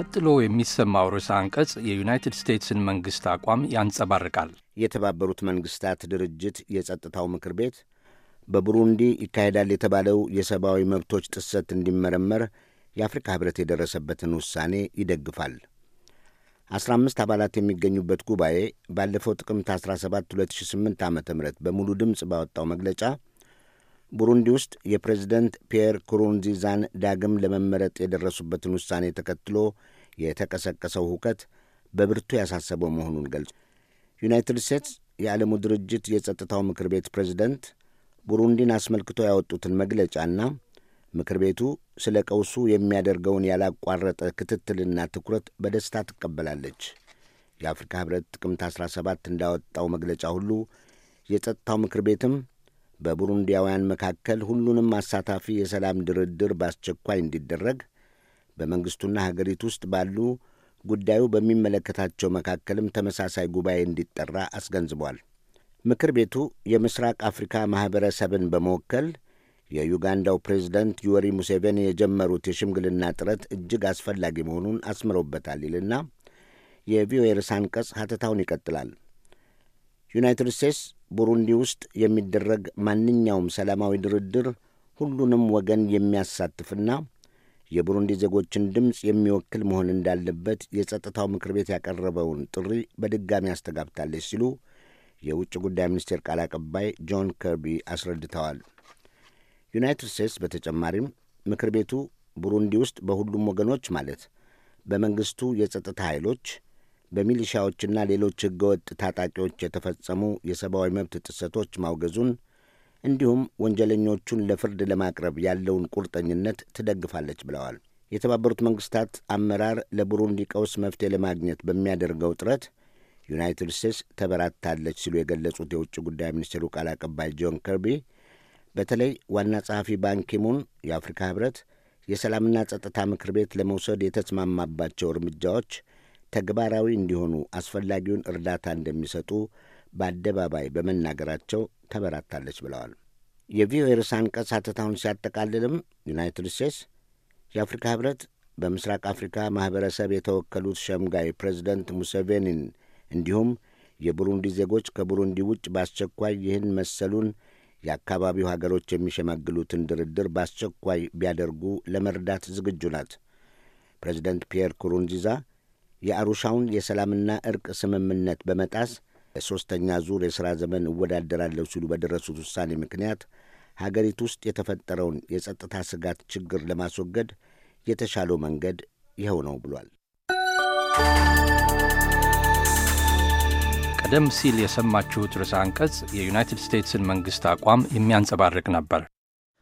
ቀጥሎ የሚሰማው ርዕሰ አንቀጽ የዩናይትድ ስቴትስን መንግሥት አቋም ያንጸባርቃል። የተባበሩት መንግሥታት ድርጅት የጸጥታው ምክር ቤት በቡሩንዲ ይካሄዳል የተባለው የሰብአዊ መብቶች ጥሰት እንዲመረመር የአፍሪካ ኅብረት የደረሰበትን ውሳኔ ይደግፋል። 15 አባላት የሚገኙበት ጉባኤ ባለፈው ጥቅምት 17 2008 ዓ ም በሙሉ ድምፅ ባወጣው መግለጫ ቡሩንዲ ውስጥ የፕሬዝደንት ፒየር ኩሩንዚዛን ዳግም ለመመረጥ የደረሱበትን ውሳኔ ተከትሎ የተቀሰቀሰው ሁከት በብርቱ ያሳሰበው መሆኑን ገልጹ። ዩናይትድ ስቴትስ የዓለሙ ድርጅት የጸጥታው ምክር ቤት ፕሬዝደንት ቡሩንዲን አስመልክቶ ያወጡትን መግለጫና ምክር ቤቱ ስለ ቀውሱ የሚያደርገውን ያላቋረጠ ክትትልና ትኩረት በደስታ ትቀበላለች። የአፍሪካ ህብረት ጥቅምት 17 እንዳወጣው መግለጫ ሁሉ የጸጥታው ምክር ቤትም በቡሩንዲያውያን መካከል ሁሉንም አሳታፊ የሰላም ድርድር በአስቸኳይ እንዲደረግ በመንግሥቱና ሀገሪቱ ውስጥ ባሉ ጉዳዩ በሚመለከታቸው መካከልም ተመሳሳይ ጉባኤ እንዲጠራ አስገንዝቧል። ምክር ቤቱ የምስራቅ አፍሪካ ማኅበረሰብን በመወከል የዩጋንዳው ፕሬዝደንት ዩወሪ ሙሴቬኒ የጀመሩት የሽምግልና ጥረት እጅግ አስፈላጊ መሆኑን አስምሮበታል ይልና የቪኦኤ ርዕሰ አንቀጽ ሀተታውን ይቀጥላል። ዩናይትድ ስቴትስ ቡሩንዲ ውስጥ የሚደረግ ማንኛውም ሰላማዊ ድርድር ሁሉንም ወገን የሚያሳትፍና የቡሩንዲ ዜጎችን ድምፅ የሚወክል መሆን እንዳለበት የጸጥታው ምክር ቤት ያቀረበውን ጥሪ በድጋሚ አስተጋብታለች ሲሉ የውጭ ጉዳይ ሚኒስቴር ቃል አቀባይ ጆን ከርቢ አስረድተዋል። ዩናይትድ ስቴትስ በተጨማሪም ምክር ቤቱ ቡሩንዲ ውስጥ በሁሉም ወገኖች ማለት በመንግስቱ የጸጥታ ኃይሎች በሚሊሻዎችና ሌሎች ህገወጥ ታጣቂዎች የተፈጸሙ የሰብአዊ መብት ጥሰቶች ማውገዙን እንዲሁም ወንጀለኞቹን ለፍርድ ለማቅረብ ያለውን ቁርጠኝነት ትደግፋለች ብለዋል። የተባበሩት መንግስታት አመራር ለቡሩንዲ ቀውስ መፍትሄ ለማግኘት በሚያደርገው ጥረት ዩናይትድ ስቴትስ ተበራታለች ሲሉ የገለጹት የውጭ ጉዳይ ሚኒስቴሩ ቃል አቀባይ ጆን ከርቢ በተለይ ዋና ጸሐፊ ባንኪሙን የአፍሪካ ህብረት የሰላምና ጸጥታ ምክር ቤት ለመውሰድ የተስማማባቸው እርምጃዎች ተግባራዊ እንዲሆኑ አስፈላጊውን እርዳታ እንደሚሰጡ በአደባባይ በመናገራቸው ተበራታለች ብለዋል። የቪኦኤ ርዕሰ አንቀጽ ሐተታውን ሲያጠቃልልም ዩናይትድ ስቴትስ የአፍሪካ ህብረት በምስራቅ አፍሪካ ማኅበረሰብ የተወከሉት ሸምጋይ ፕሬዚደንት ሙሴቬኒን እንዲሁም የቡሩንዲ ዜጎች ከቡሩንዲ ውጭ በአስቸኳይ ይህን መሰሉን የአካባቢው ሀገሮች የሚሸመግሉትን ድርድር በአስቸኳይ ቢያደርጉ ለመርዳት ዝግጁ ናት። ፕሬዚደንት ፒየር ኩሩንዚዛ የአሩሻውን የሰላምና እርቅ ስምምነት በመጣስ ለሦስተኛ ዙር የሥራ ዘመን እወዳደራለሁ ሲሉ በደረሱት ውሳኔ ምክንያት ሀገሪቱ ውስጥ የተፈጠረውን የጸጥታ ስጋት ችግር ለማስወገድ የተሻለው መንገድ ይኸው ነው ብሏል። ቀደም ሲል የሰማችሁት ርዕሰ አንቀጽ የዩናይትድ ስቴትስን መንግሥት አቋም የሚያንጸባርቅ ነበር።